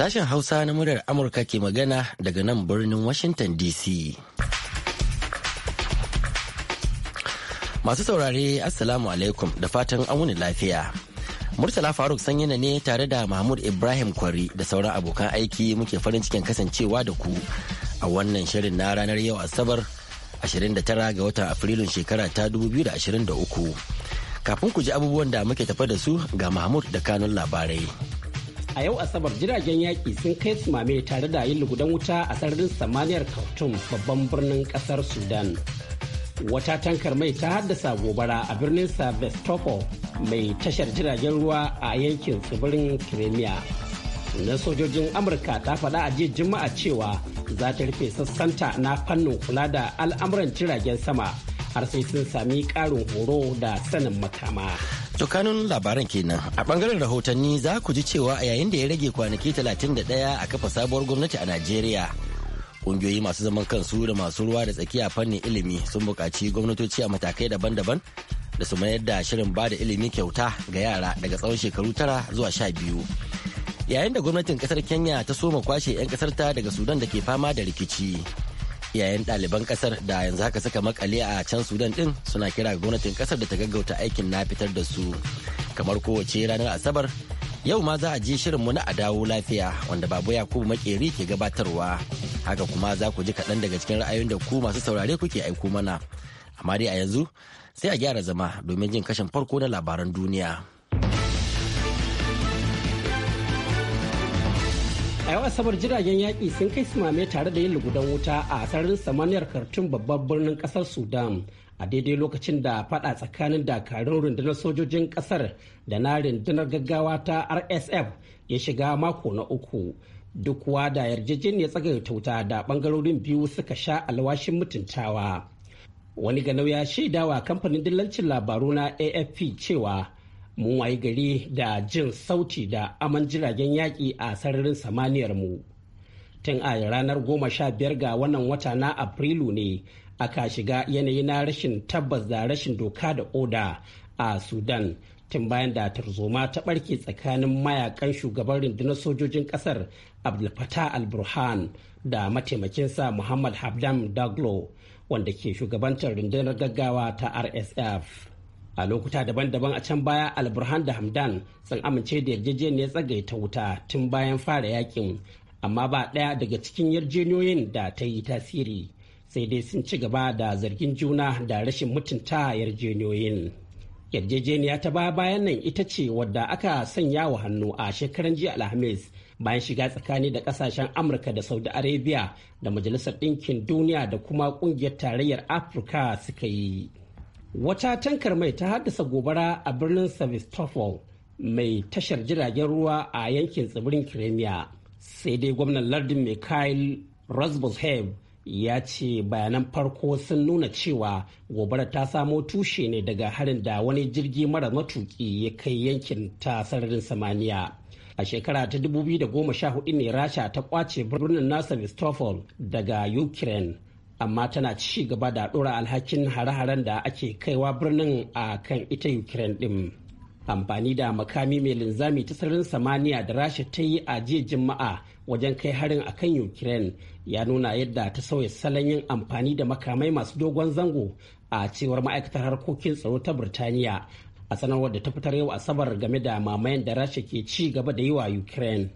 Sashen Hausa na muryar Amurka ke magana daga nan birnin Washington DC. Masu saurare Assalamu alaikum da fatan amuni lafiya. Murtala Faruk sanyina ne tare da Mahmud Ibrahim Kwari da sauran abokan aiki muke farin cikin kasancewa da ku a wannan shirin na ranar yau Asabar 29 ga watan Afrilun shekara ta 2023. Kafin ku ji abubuwan da muke tafa da su ga Mahmud da kanun labarai. a yau asabar jiragen yaƙi sun kai sumame tare da yin lugudan wuta a sararin samaniyar khartoum babban birnin ƙasar sudan wata tankar mai ta haddasa gobara a birnin sevastopol mai tashar jiragen ruwa a yankin tsibirin kiremiya na sojojin amurka ta faɗa a jiya juma'a cewa za ta rufe sassanta na fannin kula da al'amuran jiragen sama har sai sun sami ƙarin horo da sanin makama To kanun labaran kenan a bangaren rahotanni za ku ji cewa a yayin da ya rage kwanaki 31 a kafa sabuwar gwamnati a Najeriya. Ƙungiyoyi masu zaman kansu da masu ruwa da tsakiya fannin ilimi sun buƙaci gwamnatoci a matakai daban-daban da su mayar da shirin ba da ilimi kyauta ga yara daga tsawon shekaru tara zuwa sha biyu. Yayin da gwamnatin ƙasar Kenya ta soma kwashe 'yan ƙasarta daga Sudan da ke fama da rikici. yayin ɗaliban ƙasar da yanzu haka suka makale a can sudan ɗin suna kira gwamnatin ƙasar da ta gaggauta aikin na fitar da su kamar kowace ranar asabar yau ma za a ji shirinmu na a dawo lafiya wanda babu yakubu makeri ke gabatarwa haka kuma za ku ji kaɗan daga cikin ra'ayoyin da ku masu saurare kuke aiko mana amma dai a yanzu sai a gyara zama domin jin kashin farko na labaran duniya. a yau asabar jiragen yaƙi sun kai sumame tare da yin lugudan wuta a sararin samaniyar kartun babban birnin ƙasar sudan a daidai lokacin da fada tsakanin dakarun rundunar sojojin ƙasar da na rundunar gaggawa ta rsf ya shiga mako na uku duk da yarjejeniyar tsagaita wuta da bangarorin biyu suka sha alwashin mutuntawa wani ganau ya shaidawa kamfanin dillancin labaru na afp cewa mun wayi gari da jin sauti da aman jiragen yaƙi a sararin samaniyar mu tun a ranar goma sha biyar ga wannan wata na afrilu ne aka shiga yanayi na rashin tabbas da rashin doka da oda a sudan tun bayan da tarzoma ta barke tsakanin mayakan shugaban rundunar sojojin kasar Abdulfata al-burhan da mataimakinsa muhammad habdam daglo wanda ke shugabantar rundunar gaggawa ta rsf a lokuta daban-daban a can baya alburhan da hamdan sun amince da yarjejeniyar tsagaita wuta tun bayan fara yakin amma ba ɗaya daga cikin yarjejeniyoyin da ta yi tasiri sai dai sun ci gaba da zargin juna da rashin mutunta yarjejeniyoyin yarjejeniya ta baya bayan nan ita ce wadda aka sanya wa hannu a shekaran jiya alhamis bayan shiga tsakani da kasashen amurka da saudi arabia da majalisar ɗinkin duniya da kuma ƙungiyar tarayyar afirka suka yi wata tankar mai ta haddasa gobara a birnin sevastopol mai tashar jiragen ruwa a yankin tsibirin kiremiya sai dai gwamnan lardin mikhail rosbushev ya ce bayanan farko sun nuna cewa gobara ta samo tushe ne daga harin da wani jirgi mara matuki ya kai yankin ta sararin samaniya a shekara ta 2014 ne rasha ta kwace birnin nasa daga ukraine amma tana ci gaba da ɗora alhakin hare-haren da ake kaiwa birnin a kan ita ukraine ɗin amfani da makami mai linzami ta sararin samaniya da rasha ta yi a jiya juma'a wajen kai harin a kan ukraine ya nuna yadda ta sauya salon yin amfani da makamai masu dogon zango a cewar ma'aikatar harkokin tsaro ta birtaniya a sanarwar da ta fitar yau asabar game da mamayan da rasha ke ci gaba da yi wa ukraine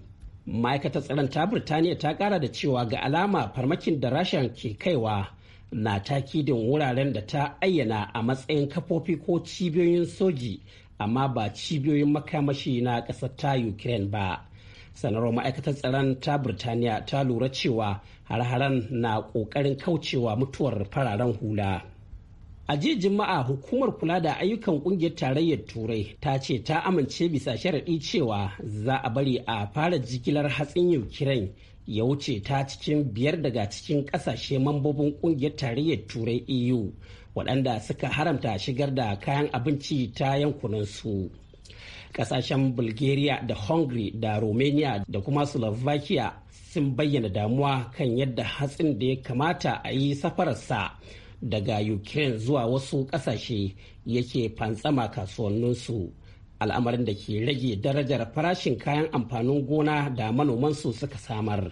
ma'aikatar tsaron ta birtaniya ta kara da cewa ga alama farmakin da rashin ke kaiwa na takidin wuraren da ta ayyana a matsayin kafofi ko cibiyoyin soji amma ba cibiyoyin makamashi na ƙasar ta ukraine ba sanarwar ma'aikatar tsaron ta birtaniya ta lura cewa har-haren na ƙoƙarin kaucewa mutuwar fararen hula. A jiya Juma'a hukumar kula da ayyukan kungiyar tarayyar Turai ta ce ta amince bisa sharaɗi cewa za a bari a fara jigilar hatsin Ukraine ya wuce ta cikin biyar daga cikin ƙasashe mambobin kungiyar tarayyar Turai EU waɗanda suka haramta shigar da kayan abinci ta yankunansu. Ƙasashen Bulgaria da Hungary da Romania da kuma Slovakia sun bayyana damuwa kan yadda hatsin da ya kamata a yi safararsa. daga ukraine zuwa wasu kasashe yake fantsama kasuwanninsu al'amarin da ke rage darajar farashin kayan amfanin gona da manomansu suka samar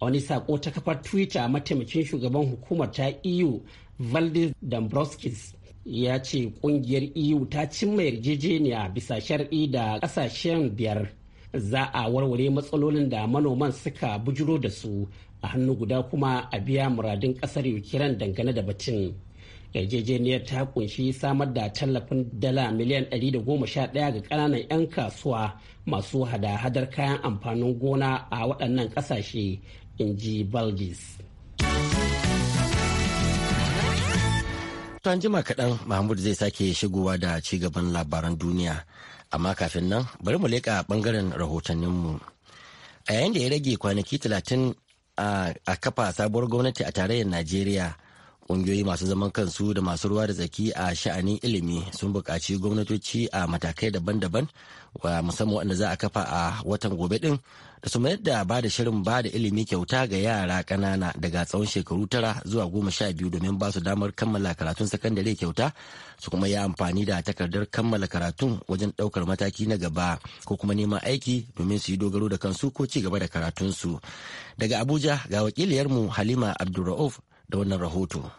A wani sako ta kafar twitter mataimakin shugaban hukumar ta eu valdis dombrovskis ya ce kungiyar eu ta cimma yarjejeniya bisa shar'i da ƙasashen biyar za a warware matsalolin da manoman suka bujuro da su a hannu guda kuma a biya muradin kasar ukraine dangane da batun yarjejeniyar ta kunshi samar da tallafin dala miliyan 111 ga kananan 'yan kasuwa masu hada-hadar kayan amfanin gona a waɗannan ƙasashe in ji baldis Tun jima kaɗan Mahmud zai sake shigowa da ci gaban labaran duniya, amma kafin nan bari mu leƙa ɓangaren rahotanninmu. A yayin da ya rage kwanaki talatin a kafa sabuwar gwamnati a tarayyar najeriya Ƙungiyoyi masu zaman kansu da masu ruwa da tsaki a sha'anin ilimi sun buƙaci gwamnatoci a matakai daban-daban wa musamman waɗanda za a kafa a watan gobe din da su mayar da ba da shirin ba da ilimi kyauta ga yara ƙanana daga tsawon shekaru tara zuwa goma sha biyu domin ba su damar kammala karatun sakandare kyauta su kuma yi amfani da takardar kammala karatun wajen ɗaukar mataki na gaba ko kuma neman aiki domin su yi dogaro da kansu ko ci gaba da karatunsu. Daga Abuja ga wakiliyarmu Halima Abdulra'uf da wannan rahoto.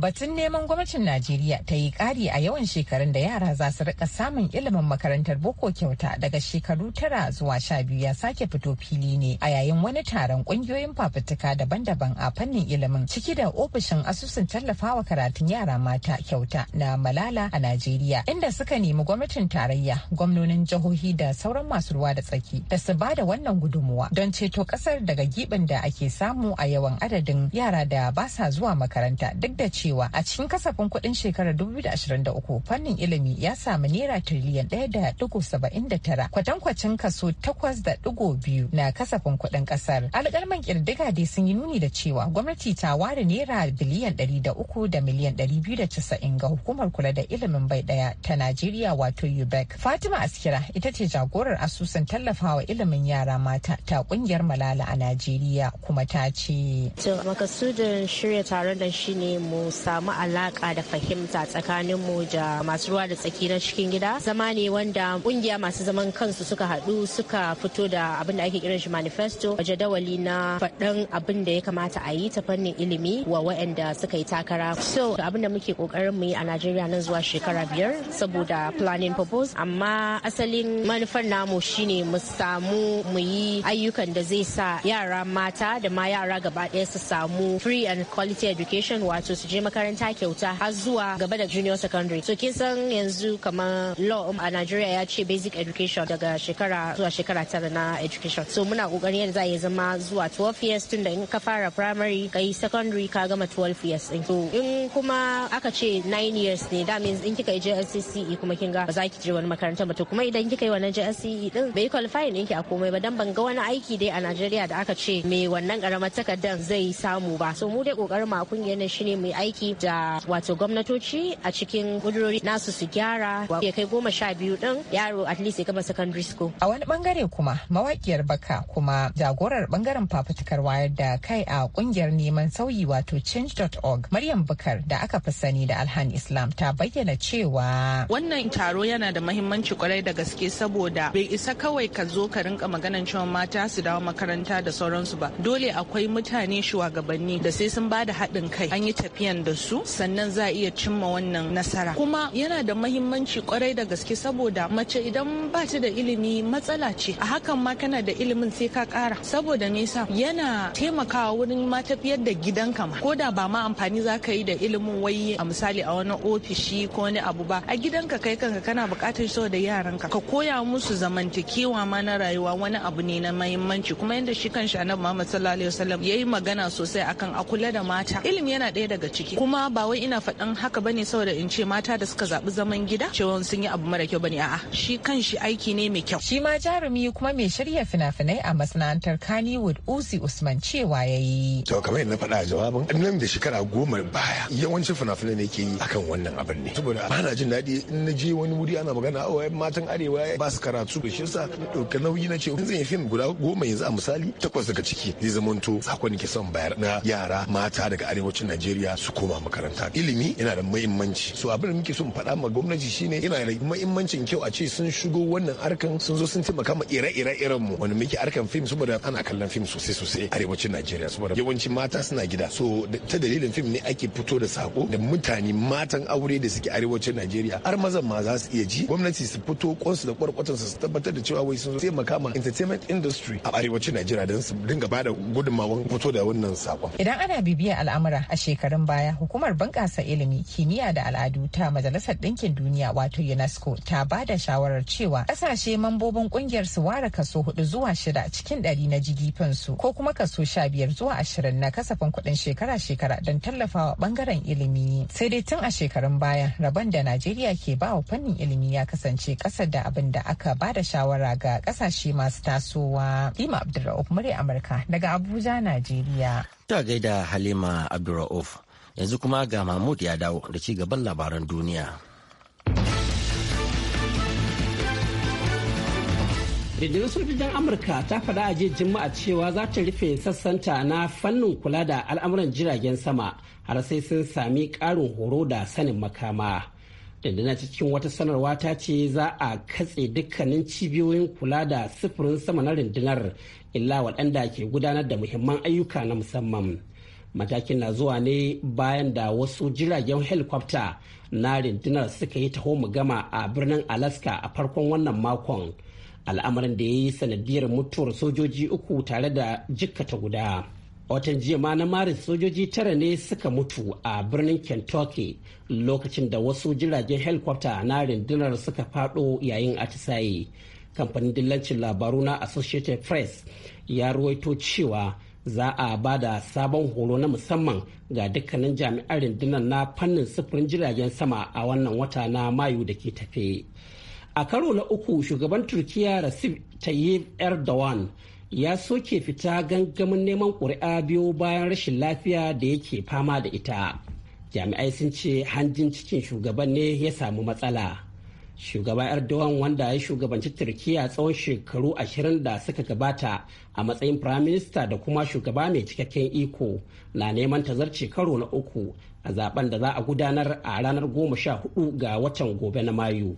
batun neman gwamnatin najeriya ta yi kari a yawan shekarun da yara za su rika samun ilimin makarantar boko kyauta daga shekaru tara zuwa sha biyu ya sake fito fili ne a yayin wani taron ƙungiyoyin fafutuka daban-daban a fannin ilimin ciki da ofishin asusun tallafawa karatun yara mata kyauta na malala a najeriya inda suka nemi gwamnatin tarayya gwamnonin jihohi da sauran masu ruwa da tsaki da su ba da wannan gudunmuwa don ceto ƙasar daga giɓin da ake samu a yawan adadin yara da ba sa zuwa makaranta duk da ce. cewa a cikin kasafin kuɗin shekarar 2023 fannin ilimi ya samu naira tiriliyan 1.79 kwatankwacin kaso 8.2 na kasafin kuɗin ƙasar. Alƙalman ƙirdiga dai sun yi nuni da cewa gwamnati ta ware naira biliyan 300 da miliyan 290 ga hukumar kula da ilimin bai ɗaya ta Najeriya wato UBEC. Fatima Askira ita ce jagorar asusun tallafawa ilimin yara mata ta ƙungiyar Malala a Najeriya kuma ta ce. makasudin shirya taron da shi ne mu samu alaka da fahimta tsakanin mu da masu ruwa da tsaki na cikin gida zama ne wanda kungiya masu zaman kansu suka haɗu suka fito da abin da ake kiran shi manifesto jadawali na faɗan abin da ya kamata a yi ta fannin ilimi wa waɗanda suka yi takara so abin da muke kokarin mu yi a Najeriya nan zuwa shekara biyar saboda planning purpose amma asalin manufar namu shine mu samu mu yi ayyukan da zai sa yara mata da ma yara gaba ɗaya su samu free and quality education wato su je je makaranta kyauta har zuwa gaba da junior secondary so kin san yanzu kamar law a nigeria ya ce basic education daga shekara zuwa shekara tara na education so muna kokarin yadda za ya zama zuwa 12 years tun da in ka fara primary kai secondary ka gama 12 years din to in kuma aka ce 9 years ne that means in kika je SCCE kuma kin ga ba za ki je wani makaranta ba to kuma idan kika yi wannan JSCE din bai qualify ki a komai ba dan ban ga wani aiki dai a nigeria da aka ce mai wannan karamar takardar zai samu ba so mu dai kokarin mu a kungiyar ne shine mu yi aiki da wato gwamnatoci a cikin kudurori nasu su gyara ya kai goma sha biyu din yaro at least ya gama secondary school. A wani bangare kuma mawakiyar baka kuma jagorar bangaren fafutukar wayar da kai a kungiyar neman sauyi wato change.org Maryam Bukar da aka fi sani da Alhan Islam ta bayyana cewa. Wannan taro yana da mahimmanci kwarai da gaske saboda bai isa kawai ka zo ka rinka maganan cewa mata su dawo makaranta da sauransu ba. Dole akwai mutane shugabanni da sai sun ba da haɗin kai an yi tafiyan da su sannan za a iya cimma wannan nasara kuma yana da mahimmanci kwarai da gaske saboda mace idan ba ta da ilimi matsala ce a hakan ma kana da ilimin sai ka kara saboda me yana taimakawa wurin ma tafiyar da gidanka ma ko da ba ma amfani za ka yi da ilimin wai a misali a wani ofishi ko wani abu ba a gidanka kai kanka kana bukatar so da yaranka ka koya musu zamantakewa ma na rayuwa wani abu ne na mahimmanci kuma yadda shi kan annabi Muhammad sallallahu alaihi wasallam yayi magana sosai akan a kula da mata ilimi yana ɗaya daga ciki kuma ba wai ina faɗan haka bane saboda in ce mata da suka zaɓi zaman gida cewa sun yi abu mara kyau bane a'a shi kan shi aiki ne mai kyau shi ma jarumi kuma mai shirya fina-finai a masana'antar Kannywood Uzi Usman cewa yayi to kamar na faɗa jawabin nan da shekara goma baya yawancin fina-finai ne ke yi akan wannan abin ne saboda ba na jin daɗi in na je wani wuri ana magana oh, a matan arewa ba su karatu shi yasa ɗauka nauyi na ce zan yi fim guda goma yanzu a misali takwas daga ciki zai zamanto sakon ke son bayar na yara mata daga arewacin Najeriya su koma makaranta ilimi yana da muhimmanci so abin da muke so mu faɗa ma gwamnati shine yana da muhimmancin kyau a ce sun shigo wannan harkan sun zo sun taimaka ma ire-ire irin mu wanda muke harkan fim saboda ana kallon fim sosai sosai arewacin Najeriya saboda yawanci mata suna gida so ta dalilin fim ne ake fito da sako da mutane matan aure da suke arewacin Najeriya har mazan ma za su iya ji gwamnati su fito kwansu da kwarkwatan su tabbatar da cewa wai sun taimaka ma entertainment industry a arewacin Najeriya don su dinga bada gudunmawan fito da wannan sakon idan ana bibiya al'amura a shekarun baya hukumar bunƙasa ilimi kimiyya da al'adu ta majalisar ɗinkin duniya wato unesco ta ba da shawarar cewa ƙasashe mambobin ƙungiyar su ware kaso hudu zuwa shida cikin ɗari na jigifin su ko kuma kaso sha biyar zuwa ashirin na kasafin kuɗin shekara-shekara don tallafawa ɓangaren ilimi sai dai tun a shekarun baya rabon da najeriya ke ba wa fannin ilimi ya kasance ƙasa da abin da aka ba da shawara ga ƙasashe masu tasowa lima abdulrahman murya amurka daga abuja najeriya ta gaida halima abdulra'uf yanzu kuma ga mahmud ya dawo da ci gaban labaran duniya rundunar sojojin amurka ta faɗa a jiya juma'a cewa za ta rufe sassanta na fannin kula da al'amuran jiragen sama har sai sun sami ƙarin horo da sanin makama Dandana cikin wata sanarwa ta ce za a katse dukkanin cibiyoyin kula da sufurin sama na rundunar illa waɗanda ke gudanar da muhimman ayyuka na musamman matakin na zuwa ne bayan da wasu jiragen helikwafta na rundunar suka yi taho mu gama a birnin alaska a farkon wannan makon al'amarin da ya yi sanadiyar mutuwar sojoji uku tare da jikkata guda watan jiya ma na maris sojoji tara ne suka mutu a birnin kentucky lokacin da wasu jiragen helikwafta na rindunar suka fado yayin atisaye kamfanin dillancin labaru na associated press ya ruwaito cewa za a ba da sabon horo na musamman ga dukkanin jami'an rundunar na fannin sufurin jiragen sama a wannan wata na mayu da ke tafe a karo na uku shugaban turkiya rasif tayyip erdogan ya soke fita gangamin neman ƙuri'a biyu bayan rashin lafiya da yake fama da ita jami'ai sun ce hanjin cikin shugaban ne ya samu matsala shugaba erdogan wanda ya shugabanci turkiya tsawon shekaru ashirin da suka gabata a matsayin firaminista da kuma shugaba mai cikakken iko na neman tazarci shekaru karo na uku a zaben da za a gudanar a ranar goma sha hudu ga watan gobe na mayu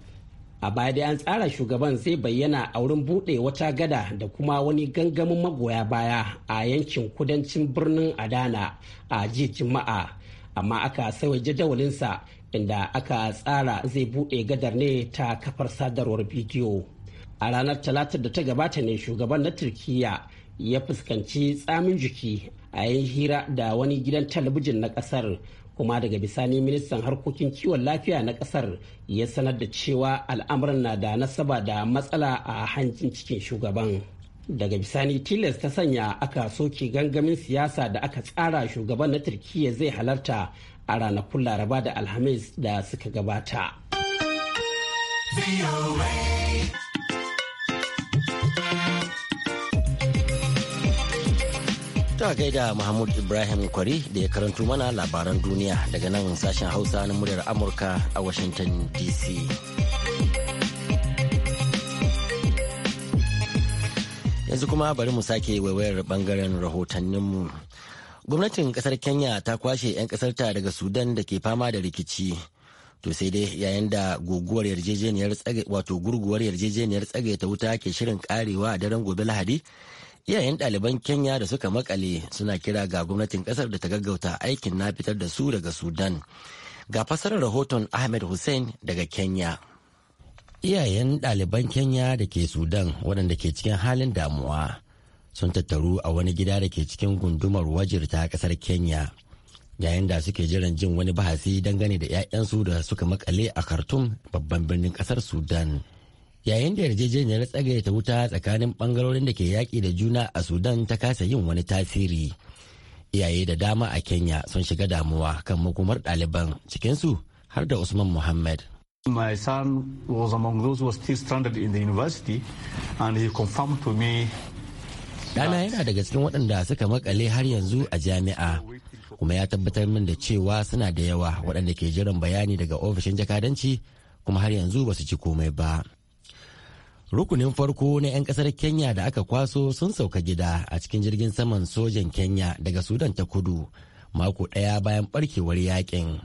a baya dai an tsara shugaban zai bayyana a wurin buɗe wata gada da kuma wani gangamin magoya baya a yankin kudancin birnin adana a jiya juma'a amma aka sauya jadawalinsa inda aka tsara zai buɗe gadar ne ta kafar sadarwar bidiyo a ranar talatar da ta gabata ne shugaban na turkiya ya fuskanci tsamin jiki a yin hira da wani gidan talabijin na kasar kuma daga bisani ministan harkokin kiwon lafiya na kasar ya sanar da cewa al'amuran na da nasaba da matsala a hancin cikin shugaban daga bisani tilas ta sanya aka soke gangamin siyasa da aka tsara shugaban na turkiya zai halarta a ranakun laraba da alhamis da suka gabata. Ta gaida Mahmud Ibrahim Kwari da ya karanto mana labaran duniya daga nan sashen Hausa na muryar Amurka a Washington DC. Yanzu kuma bari mu sake waiwayar bangaren rahotanninmu. gwamnatin kasar kenya ta kwashe 'yan kasarta daga sudan da ke fama da rikici to sai dai yayin da guguwar yarjejeniyar tsage wato gurguwar yarjejeniyar tsage ta wuta ke shirin karewa a daren gobe lahadi iyayen ɗaliban kenya da suka makale suna kira ga gwamnatin kasar da ta gaggauta aikin na fitar da su daga sudan ga fasarar rahoton ahmed hussein daga kenya iyayen ɗaliban kenya da ke sudan waɗanda ke cikin halin damuwa sun tattaru a wani gida da ke cikin gundumar wajir ta kasar kenya yayin da suke jiran jin wani bahasi dangane da 'ya'yansu da suka makale a khartoum babban birnin kasar sudan yayin da yarjejeniyar ta wuta tsakanin bangarorin da ke yaƙi da juna a sudan ta kasa yin wani tasiri iyaye da dama a kenya sun shiga damuwa kan makomar ɗaliban cikinsu har da usman muhammad My son was among those who was still stranded in the university, and he confirmed to me Ɗana yana daga cikin waɗanda suka makale har yanzu a jami'a kuma ya tabbatar min da cewa suna da yawa waɗanda ke jiran bayani daga ofishin jakadanci kuma har yanzu ba su ci komai ba. Rukunin farko na 'yan ƙasar Kenya da aka kwaso sun sauka gida a cikin jirgin saman sojan Kenya daga Sudan ta kudu mako ɗaya bayan ɓarkewar yakin.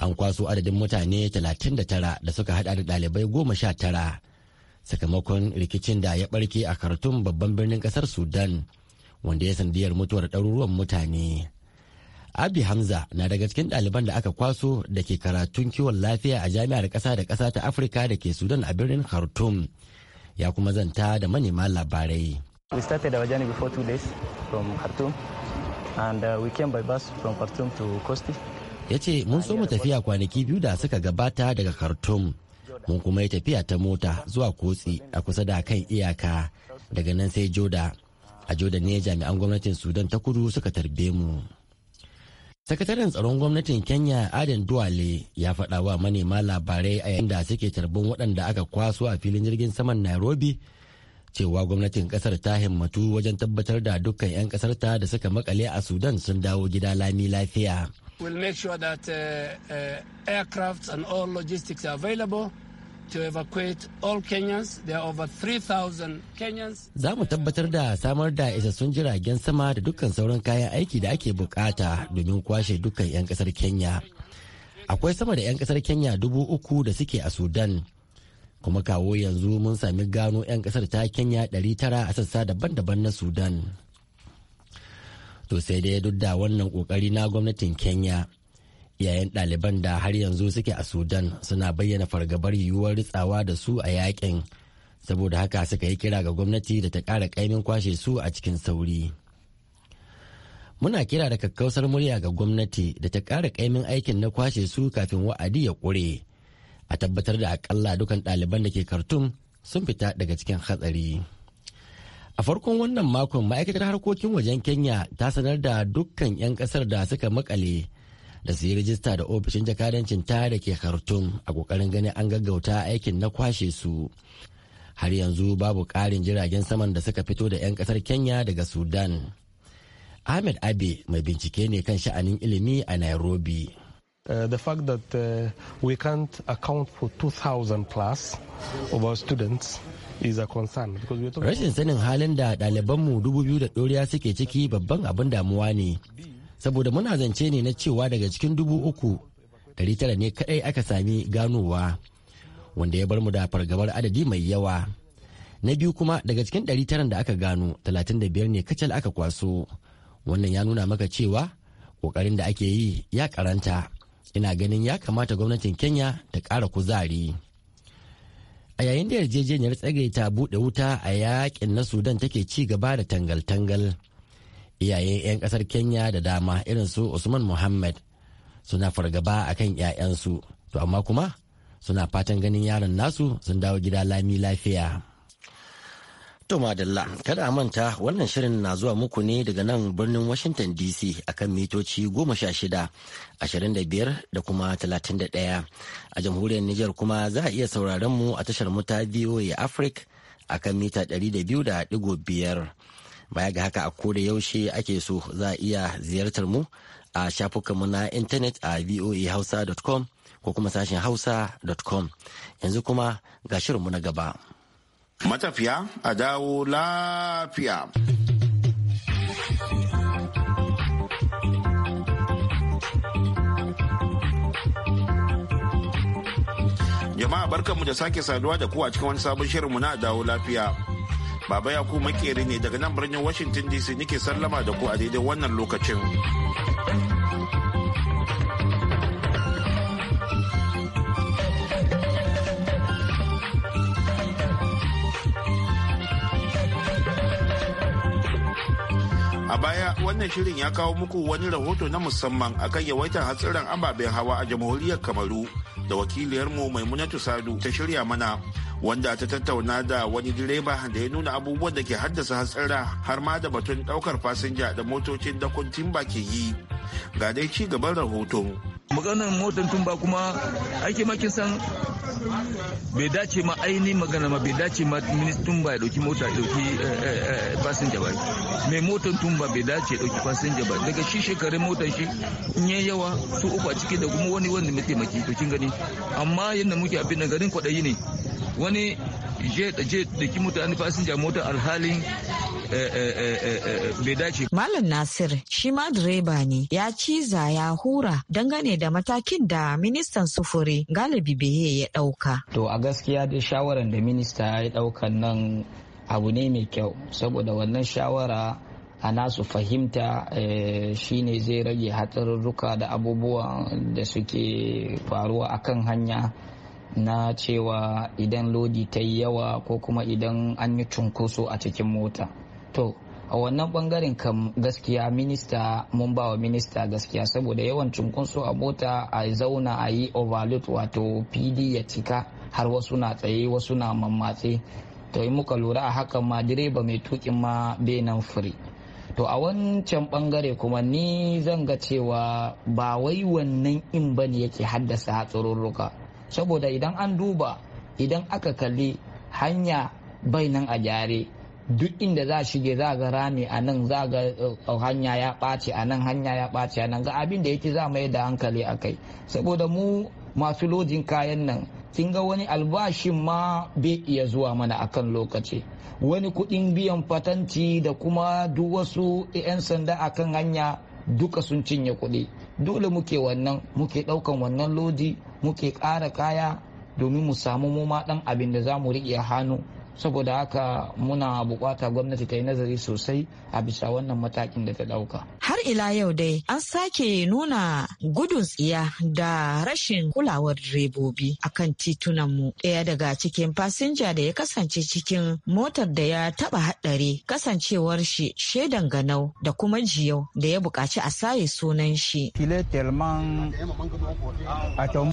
An kwaso adadin mutane 39 da suka haɗa da ɗalibai 19 sakamakon rikicin da ya barke a khartoum babban birnin kasar sudan wanda ya sandiyar mutuwar ɗaruruwan mutane abi hamza na daga cikin ɗaliban da aka kwaso da ke karatun kiwon lafiya a jami'ar ƙasa da ƙasa ta afirka da ke sudan a birnin khartoum ya kuma zanta da manema labarai we ya ce mun so mu uh, tafiya kwanaki biyu da suka gabata daga khartoum mun kuma yi tafiya ta mota zuwa kotsi a kusa da kan iyaka daga nan sai joda a joda ne jami'an gwamnatin sudan ta kudu suka tarbe mu sakataren tsaron gwamnatin kenya aden duwale ya faɗa wa manema labarai a yayin da suke tarbin waɗanda aka kwaso a filin jirgin saman nairobi cewa gwamnatin ƙasar ta himmatu wajen tabbatar da dukkan 'yan ƙasarta ta da suka makale a sudan sun dawo gida lami lafiya We'll make sure that uh, uh aircrafts and all logistics are available. Za mu tabbatar da samar da isassun jiragen sama da dukkan sauran kayan aiki da ake bukata domin kwashe dukkan 'yan kasar Kenya. Akwai sama da 'yan kasar Kenya dubu uku da suke a Sudan. Kuma kawo yanzu mun sami gano 'yan kasar ta Kenya tara a sassa daban-daban na Sudan. To sai dai duk da wannan kokari na gwamnatin Kenya. yayin ɗaliban da har yanzu suke a sudan suna bayyana fargabar yiwuwar ritsawa da su a yakin saboda haka suka yi kira ga gwamnati da ta ƙara ƙaimin kwashe su a cikin sauri muna kira da kakkausar murya ga gwamnati da ta ƙara ƙaimin aikin na kwashe su kafin wa'adi ya ƙure a tabbatar da akalla dukan ɗaliban da ke kartum sun fita daga cikin hatsari a farkon wannan makon ma'aikatar harkokin wajen kenya ta sanar da dukkan 'yan kasar da suka makale da su yi rijista da ofishin jakadancin ta da ke khartoum a kokarin ganin an gaggauta aikin na kwashe su har yanzu babu karin jiragen saman da suka fito da 'yan kasar kenya daga sudan ahmed abe mai bincike ne kan sha'anin ilimi a nairobi uh, the fact that uh, we can't account for 2,000 plus of our students is concern. Rashin sanin halin da ɗalibanmu dubu biyu da ɗoriya suke ciki babban abin damuwa ne. saboda muna zance ne na cewa daga cikin dubu uku dari tara ne kaɗai aka sami ganowa wanda ya bar mu da fargabar adadi mai yawa na biyu kuma daga cikin dari tara da aka gano talatin da biyar ne kacal aka kwaso wannan ya nuna maka cewa ƙoƙarin da ake yi ya karanta ina ganin ya kamata gwamnatin kenya ta ƙara kuzari a yayin da yarjejeniyar tsagaita buɗe wuta a yakin na sudan take ci gaba da tangal-tangal iyayen 'yan kasar kenya da dama irin su usman muhammad suna fargaba a kan 'ya'yansu to amma kuma suna fatan ganin yaron nasu sun dawo gida lami lafiya to madalla kada a manta wannan shirin na zuwa muku ne daga nan birnin washington dc akan mitoci goma sha shida ashirin da biyar da kuma talatin da ɗaya a jamhuriyar niger kuma za a iya sauraron mu a tashar mu ta voa africa akan mita ɗari da biyu da ɗigo biyar baya ga haka a koda yaushe ake so za a iya ziyartar mu a shafukanmu na intanet a voahausa.com ko kuma sashen hausa.com yanzu kuma ga shirinmu na gaba. Matafiya a dawo lafiya. Jama'a barkanmu da sake saduwa da ku a cikin wani sabon shirinmu na dawo lafiya. Baba Yakubu makeri ne daga nan birnin Washington DC nike sallama da ku a daidai wannan lokacin. A baya wannan shirin ya kawo muku wani rahoto na musamman akan yawaitar hatsarin ababen hawa a jamhuriyar Kamaru da wakiliyarmu Maimunatu Sadu ta shirya mana wanda ta tattauna da wani direba da ya nuna abubuwan da ke haddasa hatsara har ma da batun daukar fasinja da motocin da timba ke yi ga dai ci gaban rahoto. maganar motar tumba kuma ake makin san bai dace ma aini magana ma bai dace ma ministan ba ya dauki mota ya dauki eh, eh, eh, fasinja ba mai motan tumba bai dace ya dauki fasinja ba daga shi shekarun motar shi in yawa su uku a ciki da kuma wani wanda mai taimaki to kin gani amma yadda muke abin garin kwadayi ne wani je da ki mutane fasinja mota alhalin eh, eh, eh, bai dace. Malam Nasir shi ma direba ne ya ciza ya hura dangane da matakin da ministan sufuri galibi beye ya dauka. To a gaskiya dai shawaran da minista ya dauka nan abu ne mai kyau saboda wannan shawara a nasu fahimta shi ne zai rage hatsarurruka da abubuwan da suke faruwa akan hanya. na cewa idan lodi ta yi yawa ko kuma idan an yi cunkoso a cikin mota to a wannan bangaren kam gaskiya minista mun ba wa minista gaskiya saboda yawan cunkoso a mota a zauna a yi overload wato pd ya cika har wasu na tsaye wasu na mammatse to yi muka lura a hakan ma direba mai tukin ma benan firi to a wancan bangare kuma ni zan ga cewa ba wai wannan in bane yake haddasa hatsarurruka saboda idan an duba idan aka kalli hanya bai nan a jare duk inda za a shige za ga rami a nan za ga uh, uh, hanya ya ɓace a nan hanya ya ɓace a nan ga abin da yake za mai da hankali a kai saboda mu masu lojin kayan nan kin ga wani albashin ma bai iya zuwa mana a kan lokaci wani kuɗin biyan fatanci da kuma duk wasu 'yan sanda a kan hanya duka sun cinye kuɗi dole muke wannan muke ɗaukan wannan lodi muke ƙara kaya domin mu samu mu ma ɗan abin da za mu riƙe hannu saboda haka muna bukata gwamnati ta yi nazari sosai a bisa wannan matakin da ta dauka har ila yau dai an sake nuna gudun tsiya da rashin kulawar direbobi a kan titunanmu ɗaya daga cikin fasinja da ya kasance cikin motar da ya taba haɗari kasancewar shi shaidan ganau da kuma jiyau da ya bukaci a saye sunan shi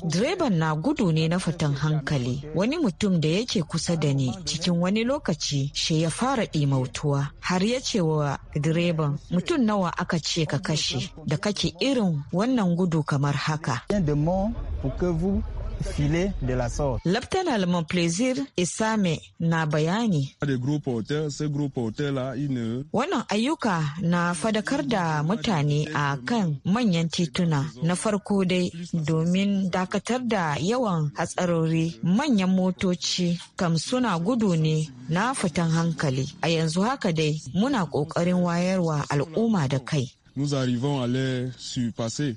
direban na gudu ne na fitan hankali wani mutum da yake kusa da ni cikin cikin wani lokaci shi ya fara ɗimautuwa har ya ce wa direban mutum nawa aka ce ka kashe da kake irin wannan gudu kamar haka. filet de la sorte. Lieutenant Mon Plaisir Isame na bayani. Wannan ayyuka na fadakar da mutane a kan manyan tituna na farko dai domin dakatar da yawan hatsarori manyan motoci kam suna gudu ne na fitan hankali. A yanzu haka dai muna ƙoƙarin wayarwa al'umma da kai. Nous arrivons à les surpasser.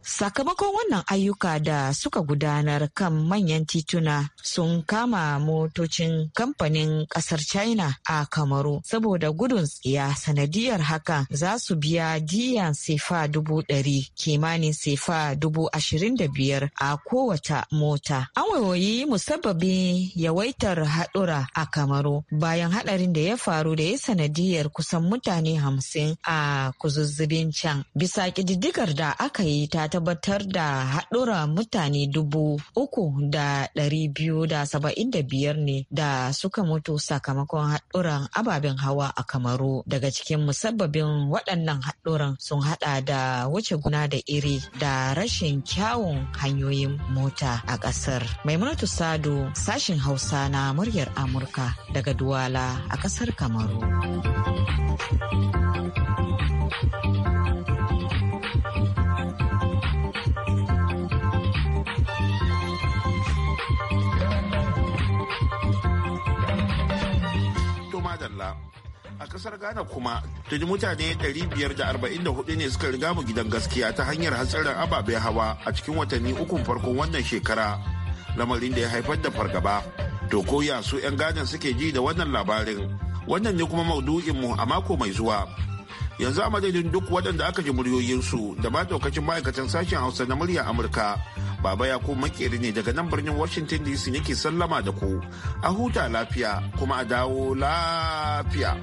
Sakamakon wannan ayyuka da suka gudanar kan manyan tituna sun kama motocin kamfanin kasar China a Kamaru saboda gudun tsiya sanadiyar haka za su biya diyan sefa dubu ɗari kimanin sefa dubu ashirin da biyar a kowata mota. An wayoyi musabbabi yawaitar haɗura a Kamaru bayan haɗarin da ya faru da ya sanadiyar kusan mutane hamsin a kuzuzzubin can bisa bisa ƙididdigar da aka yi ta tabbatar da haɗura mutane dubu uku da ɗari biyu da saba'in da biyar ne da suka mutu sakamakon haɗuran ababen hawa a kamaru daga cikin musabbabin waɗannan haɗuran sun haɗa da wuce guna da iri da rashin kyawun hanyoyin mota a ƙasar maimunatu sado sashin hausa na muryar amurka daga duwala a ƙasar kamaru gane kuma tuni mutane 544 ne suka riga mu gidan gaskiya ta hanyar hatsarin ababen hawa a cikin watanni ukun farkon wannan shekara. Lamarin da ya haifar da fargaba. To koya su 'yan gadan suke ji da wannan labarin. Wannan ne kuma mu a mako mai zuwa. Yanzu a madadin duk waɗanda aka ji muryoyinsu da ma daukacin ma'aikatan sashen Hausa na murya Amurka. Baba ya ko makeri ne daga nan birnin Washington DC yake sallama da ku. A huta lafiya kuma a dawo lafiya.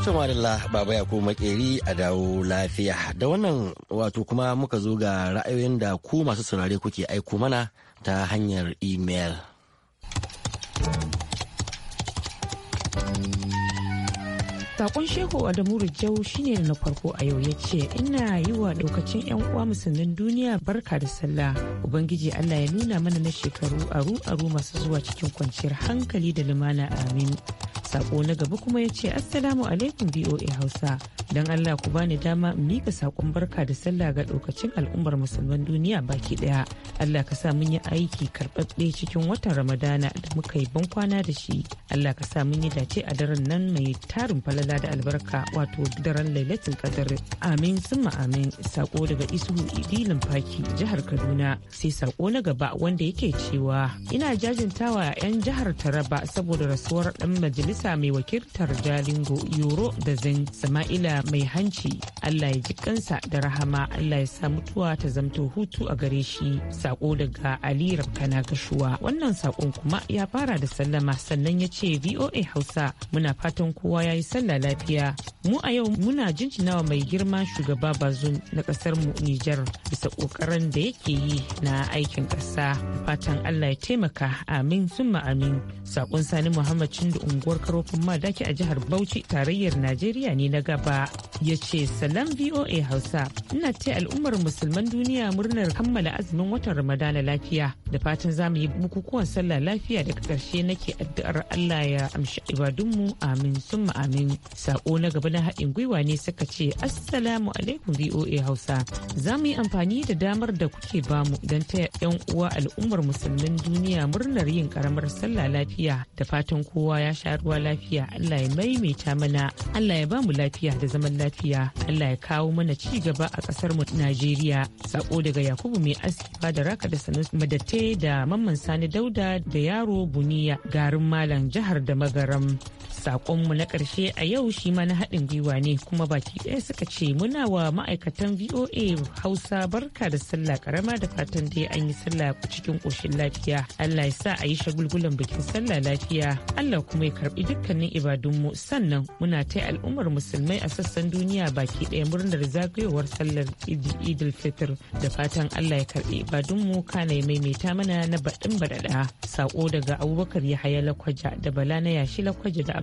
Somalila Baba ya ko makeri a dawo lafiya. Da wannan wato kuma muka zo ga ra'ayoyin da ku masu saurare kuke aiko mana ta hanyar email. sakon shehu adamu rijau shine na farko a yau ya ce ina yi wa daukacin yan uwa musulmin duniya barka da sallah ubangiji allah ya nuna mana na shekaru aru aru masu zuwa cikin kwanciyar hankali da lumana amin Sako na gaba kuma ya ce Assalamu alaikum boa Hausa. Don Allah ku bani dama in mika sakon barka da sallah ga ɗaukacin al'ummar musulman duniya baki ɗaya. Allah ka sa mun yi aiki karɓaɓɓe cikin watan Ramadana da muka yi ban kwana da shi. Allah ka sa mun yi dace a daren nan mai tarin falala da albarka wato daren lailatul kadar Amin summa amin. Sako daga Isuhu Idi Lumfaki jihar Kaduna. Sai sako na gaba wanda yake cewa ina jajintawa 'yan jihar Taraba saboda rasuwar dan majalis Faransa mai wakiltar jalingo yoro da zan sama'ila mai hanci allah ya ji kansa da rahama allah ya sa mutuwa ta zamto hutu a gare shi sako daga ali rabkana gashuwa wannan sakon kuma ya fara da sallama sannan ya ce voa hausa muna fatan kowa ya yi sallah lafiya mu a yau muna jinjinawa mai girma shugaba Bazoum na kasar mu nijar bisa kokarin da yake yi na aikin kasa fatan allah ya taimaka amin summa amin sakon sani muhammad chindu unguwar ma madaki a jihar Bauchi tarayyar Najeriya ne na gaba ya ce salam VOA Hausa ina ce al'ummar musulman duniya murnar kammala azumin watan Ramadana lafiya da fatan za mu yi bukukuwan sallah lafiya daga ƙarshe nake addu'ar Allah ya amshi ibadunmu amin summa amin sako na gaba na haɗin gwiwa ne suka ce assalamu alaikum VOA Hausa za mu yi amfani da damar da kuke bamu don taya 'yan uwa al'ummar musulman duniya murnar yin karamar sallah lafiya da fatan kowa ya sha ruwa lafiya Allah ya maimaita mana Allah ya bamu lafiya da zaman lafiya Allah ya kawo mana ci gaba a kasar mu Najeriya sako daga Yakubu mai asiba da raka da Sanusi madate da Mamman Sani Dauda da yaro Buniya garin Malam jihar da Magaram Sakonmu na ƙarshe a yau shi ma na haɗin gwiwa ne kuma baki ɗaya suka ce muna wa ma'aikatan VOA Hausa barka da sallah karama da fatan dai an yi sallah cikin ƙoshin lafiya. Allah ya sa a yi shagulgulan bikin sallah lafiya. Allah kuma ya karɓi dukkanin ibadunmu sannan muna ta al'ummar musulmai a sassan duniya baki ɗaya murnar zagayowar sallar Idil Fitr da fatan Allah ya karɓi ibadunmu kana ya maimaita mana na baɗin baɗaɗa. Sako daga Abubakar Yahaya Lakwaja da Bala na Yashi Lakwaja da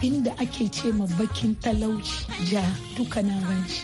abin da ake ce ma bakin talauci ja duka na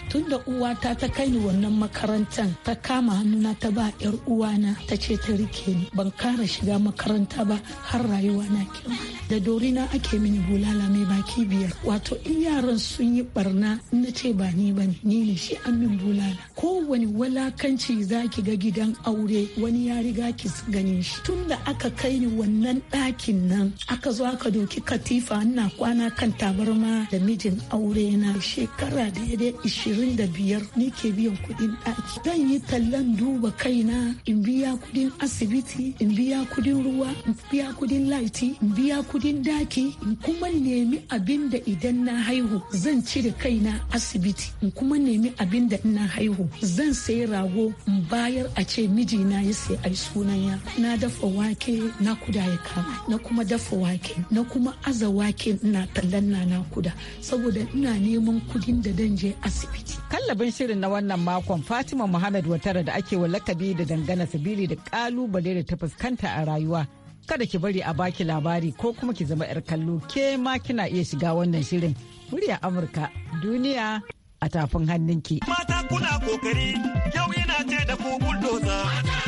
tunda uwata ta kai ni wannan makarantar ta kama hannuna ta ba yar uwana ta ce ta rike ni ban kara shiga makaranta ba har rayuwa na kyau da dorina ake mini bulala mai baki biyar wato in yaran sun yi barna na ce ba ni ba ni ne shi an min bulala kowane walakanci zaki ga gidan aure wani ya riga ki ganin shi tunda aka kai ni wannan ɗakin nan aka zo aka doki katifa ina kwana na kan tabarma da mijin aure na shekara da ya dai ishirin da biyar ni ke biyan kudin ɗaki. Zan yi tallan duba kaina in biya kudin asibiti in biya kudin ruwa in biya kudin laiti in biya kudin daki in kuma nemi abin da idan na haihu zan cire kaina asibiti in kuma nemi abin da na haihu zan sayi rago in bayar a ce mijina ya sai ai sunan ya na dafa wake na kuda ya kama na kuma dafa wake na kuma aza wake ina sallan na kuda saboda ina neman kudin da dan je asibiti. Kallabin shirin na wannan makon Fatima Muhammad Watara da ake wa lakabi da dangana sabili da kalubale da ta fuskanta a rayuwa. Kada ki bari a baki labari ko kuma ki zama 'yar kallo ke ma kina iya shiga wannan shirin. Murya Amurka duniya a tafin hannunki. Mata kuna kokari yau yana ce da ku bulldozer.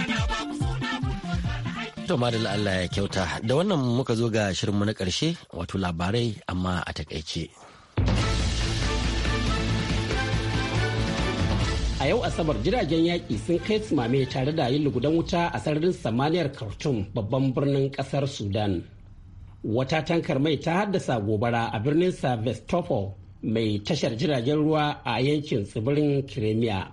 To madalla Allah ya kyauta da wannan muka zo ga shirinmu na ƙarshe wato labarai amma a takaice. A yau Asabar jiragen yaƙi sun kai tsimame tare da yin lugudan wuta a sararin samaniyar Khartoum babban birnin ƙasar Sudan. Wata tankar mai ta haddasa gobara a birnin Sevastopol mai tashar jiragen ruwa a yankin tsibirin Crimea.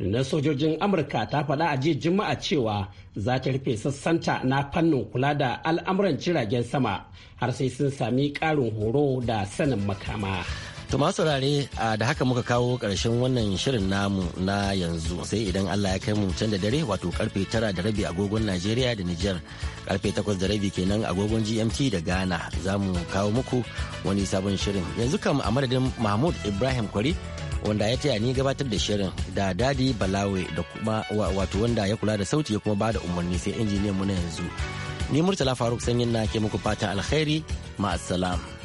Rundunar sojojin Amurka ta faɗa a jiya Juma'a cewa za ta rufe sassanta na fannin kula da al'amuran jiragen sama har sai sun sami ƙarin horo da sanin makama. To masu saurare da haka muka kawo ƙarshen wannan shirin namu na yanzu sai idan Allah ya kai mu can da dare wato karfe tara da rabi agogon Najeriya da niger karfe takwas da rabi kenan agogon GMT da Ghana za mu kawo muku wani sabon shirin yanzu kam a madadin Mahmud Ibrahim Kwari wanda ya taya ni gabatar da shirin da dadi balawe da kuma wato wanda ya kula da sauti ya kuma ba da umarni sai injiniyan mu na yanzu ni murtala faruk sanyin na ke muku fatan alkhairi ma'asalam.